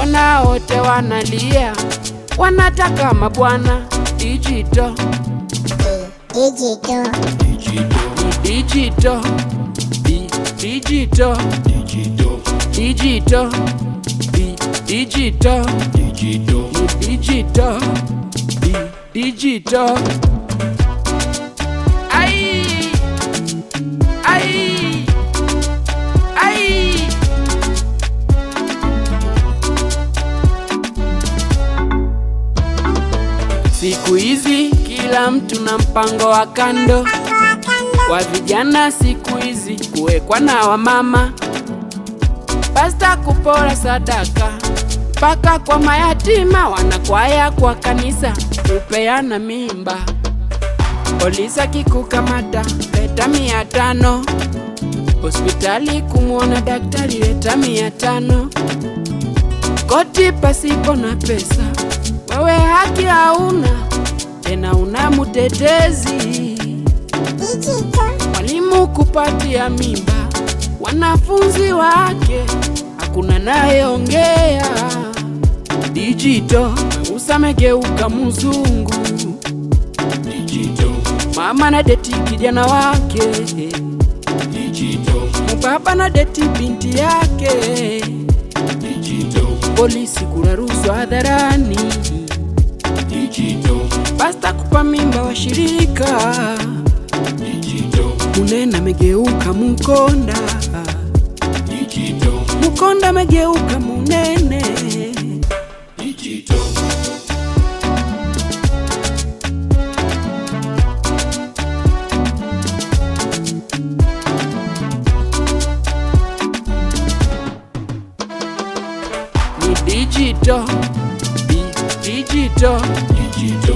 mbona wote wanalia, wanataka mabwana dijito dijito dijito dijito dijito dijito dijito dijito Siku hizi kila mtu na mpango wa kando kwa vijana, siku hizi kuwekwa na wamama, pasta kupora sadaka mpaka kwa mayatima, wanakwaya kwa kanisa kupeana mimba, polisa kikukamata leta mia tano, hospitali kumwona daktari leta mia tano koti pasipo na pesa, wewe haki hauna tena, una mutetezi mwalimu kupatia mimba wanafunzi wake, hakuna nayeongea. Dijito usamegeuka mzungu Mama na deti kijana wake Mubaba na deti binti yake polisi kula rushwa hadharani, kupamimba kupa mimba washirika, Munene amegeuka Mukonda, Mukonda amegeuka Munene. ìjìdọ̀ ìjìdọ̀ ìjìdọ̀.